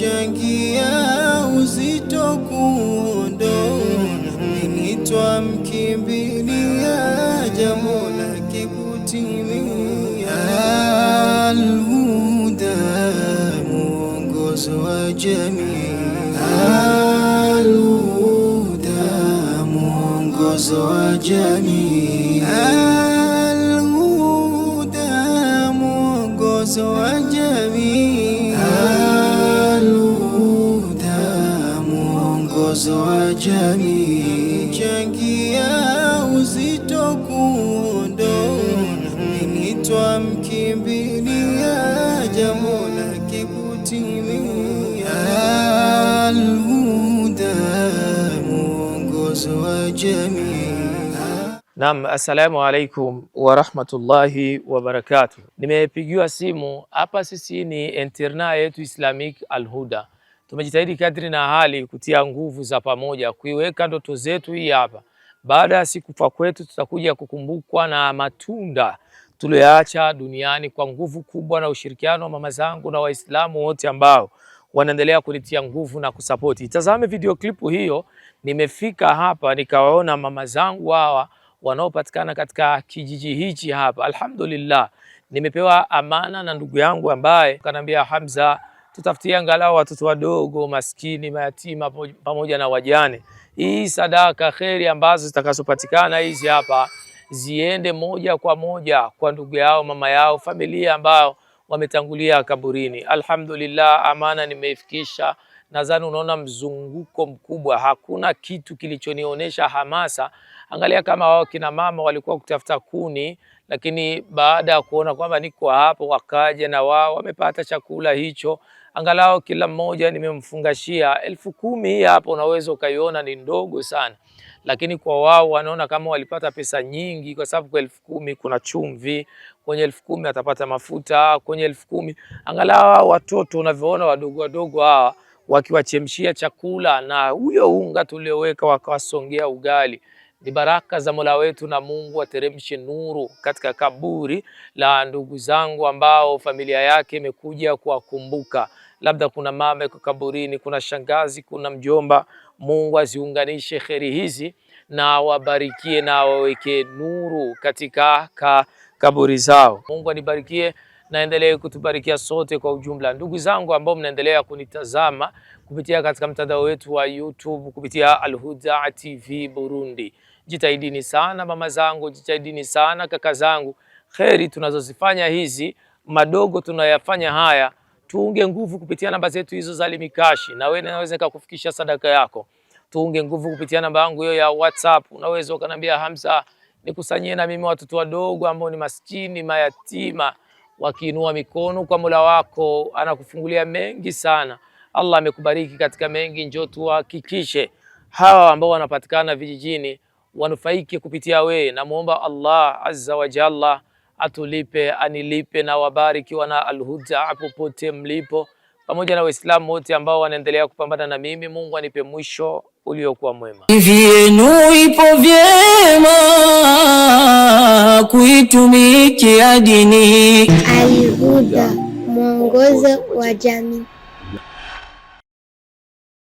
changia uzito kuondoa, ninitwa mkimbilia jambo la kikutimia. Alhuda, mwongozo wa jamii. Alhuda, mwongozo wa jamii. Alhuda, mwongozo wa jamii. changi changia uzito kundo nilitwa mkimbilia jambo la kikutimia. Alhuda, mwongozo wa jamii. Naam, assalamu alaikum wa barakatuh. Nimepigiwa simu hapa, sisi ni interna yetu Islamic Alhuda Tumejitahidi kadri na hali kutia nguvu za pamoja kuiweka ndoto zetu hii hapa. Baada ya siku sikufa kwetu, tutakuja kukumbukwa na matunda tulioacha duniani kwa nguvu kubwa na ushirikiano wa mama zangu na Waislamu wote ambao wanaendelea kunitia nguvu na kusapoti. Tazame video klipu hiyo. Nimefika hapa nikawaona mama zangu hawa wanaopatikana katika kijiji hichi hapa. Alhamdulillah, nimepewa amana na ndugu yangu ambaye kanaambia Hamza tutafutie angalau watoto wadogo, maskini, mayatima pamoja na wajane. Hii sadaka kheri ambazo zitakazopatikana hizi hapa ziende moja kwa moja kwa ndugu yao, mama yao, familia ambao wametangulia kaburini. Alhamdulillah, amana nimeifikisha. Nadhani unaona mzunguko mkubwa, hakuna kitu kilichonionyesha hamasa. Angalia kama wao kina mama walikuwa kutafuta kuni, lakini baada ya kuona kwamba niko hapo, wakaja na wao wamepata chakula hicho angalau kila mmoja nimemfungashia elfu kumi. hii Hapo unaweza ukaiona ni ndogo sana, lakini kwa wao wanaona kama walipata pesa nyingi, kwa sababu kwa elfu kumi kuna chumvi, kwenye elfu kumi atapata mafuta, kwenye elfu kumi angalau watoto unavyoona wadogo wadogo hawa wakiwachemshia chakula na huyo unga tulioweka wakawasongea ugali ni baraka za Mola wetu na Mungu ateremshe nuru katika kaburi la ndugu zangu ambao familia yake imekuja kuwakumbuka. Labda kuna mama iko kaburini, kuna shangazi, kuna mjomba. Mungu aziunganishe kheri hizi na wabarikie na waweke nuru katika ka kaburi zao. Mungu anibarikie naendelee kutubarikia sote kwa ujumla. Ndugu zangu ambao mnaendelea kunitazama kupitia katika mtandao wetu wa YouTube kupitia Alhuda TV Burundi, jitahidini sana mama zangu, jitahidini sana kaka zangu. Kheri tunazozifanya hizi madogo tunayafanya haya, tuunge nguvu kupitia namba zetu hizo za limikashi, na wewe naweza kukufikisha sadaka yako. Tuunge nguvu kupitia namba yangu hiyo ya WhatsApp, unaweza ukaniambia Hamza, nikusanyie na mimi watoto wadogo ambao ni maskini mayatima wakiinua mikono kwa Mola wako, anakufungulia mengi sana. Allah amekubariki katika mengi, njoo tuhakikishe hawa ambao wanapatikana vijijini wanufaike kupitia wewe. Namwomba Allah azza wa jalla atulipe, anilipe na wabariki wana Alhuda popote mlipo pamoja na Waislamu wote ambao wanaendelea kupambana na mimi. Mungu anipe mwisho uliokuwa mwema. Vyenu ipo vyema kuitumikia dini. Al-Huda mwongozo wa jamii.